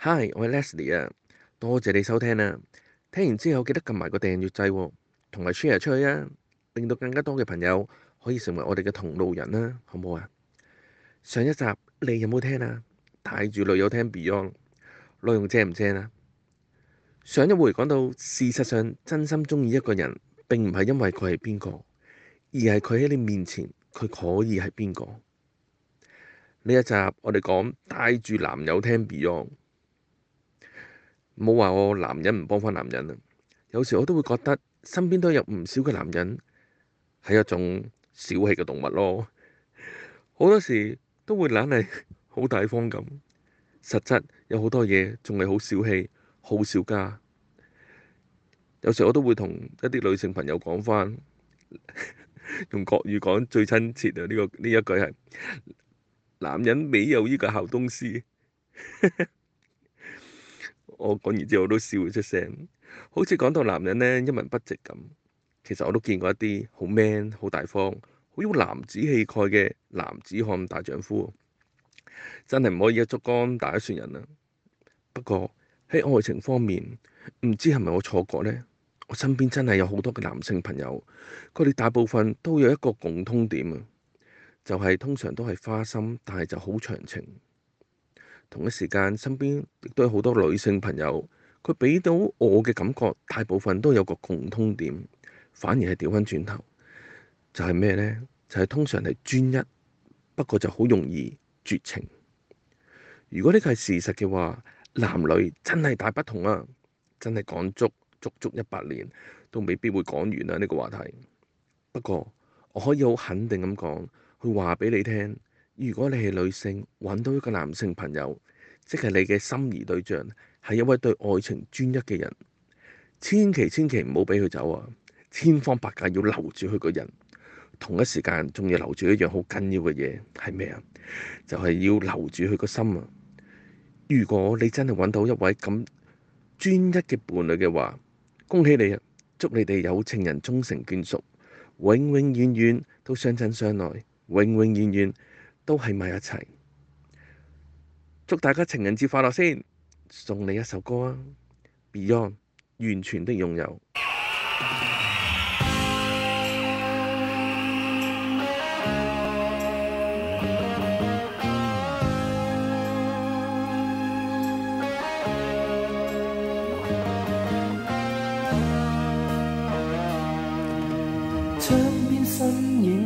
Hi，我係 Leslie 啊，多謝你收聽啊！聽完之後記得撳埋個訂閱掣，同埋 share 出去啊，令到更加多嘅朋友可以成為我哋嘅同路人啊，好唔好啊？上一集你有冇聽啊？帶住女友聽 Beyond，內容正唔正啊？上一回講到，事實上真心鍾意一個人，並唔係因為佢係邊個，而係佢喺你面前，佢可以係邊個。呢一集我哋講帶住男友聽 Beyond。冇話我男人唔幫返男人啊！有時我都會覺得身邊都有唔少嘅男人係一種小氣嘅動物咯。好多時都會懶係好大方咁，實質有好多嘢仲係好小氣、好小家。有時我都會同一啲女性朋友講返，用國語講最親切啊！呢、這個呢一句係男人未有呢個好東西。 我講完之後，我都笑出聲，好似講到男人呢，一文不值咁。其實我都見過一啲好 man、好大方、好有男子氣概嘅男子漢大丈夫，真係唔可以一竹竿打一船人啊。不過喺愛情方面，唔知係咪我錯覺呢？我身邊真係有好多嘅男性朋友，佢哋大部分都有一個共通點啊，就係通常都係花心，但係就好長情。同一時間，身邊亦都有好多女性朋友，佢俾到我嘅感覺，大部分都有個共通點，反而係調返轉頭，就係咩呢？就係、是、通常係專一，不過就好容易絕情。如果呢個係事實嘅話，男女真係大不同啊！真係講足足足一百年都未必會講完啊！呢、這個話題。不過我可以好肯定咁講，去話俾你聽。如果你係女性，揾到一個男性朋友，即係你嘅心儀對象，係一位對愛情專一嘅人，千祈千祈唔好俾佢走啊！千方百計要留住佢個人，同一時間仲要留住一樣好緊要嘅嘢，係咩啊？就係要留住佢個心啊！如果你真係揾到一位咁專一嘅伴侶嘅話，恭喜你啊！祝你哋有情人終成眷屬，永永遠遠都相親相愛，永永遠遠，都喺埋一齊，祝大家情人節快樂先！送你一首歌啊，Beyond 完全的擁有。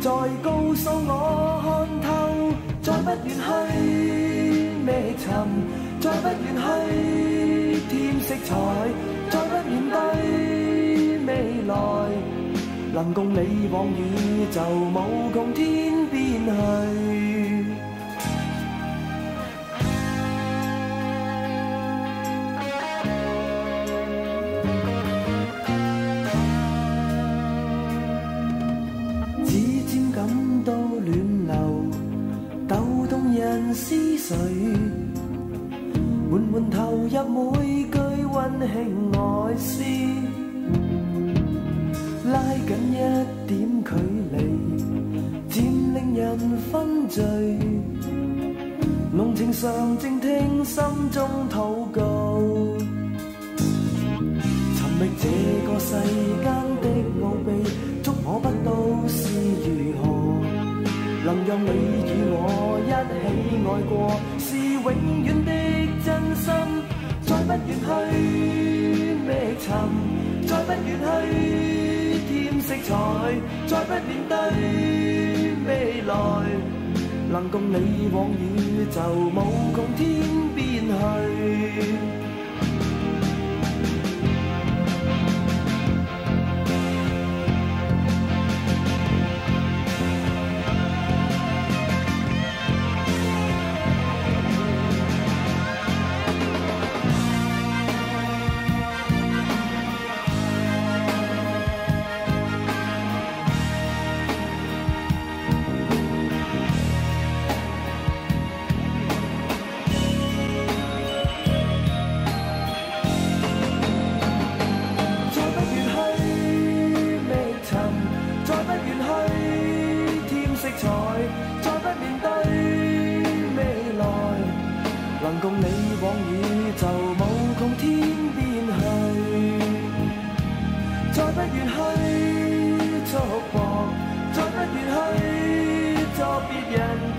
再告訴我看透，再不願去覓尋，再不願去添色彩，再不願對未來，能共你往宇宙，無窮天邊去。思緒，緩緩投入每句溫馨愛詩，拉緊一點距離，漸令人昏醉。濃情上靜聽心中禱告，尋覓這個世間的奧秘，捉摸不到是如何，能讓你。一起愛過，是永遠的真心，再不願去覓尋，再不願去添色彩，再不面對未來。能共你往宇宙無窮天。往宇宙無窮天邊去，再不願去觸碰，再不願去作別人。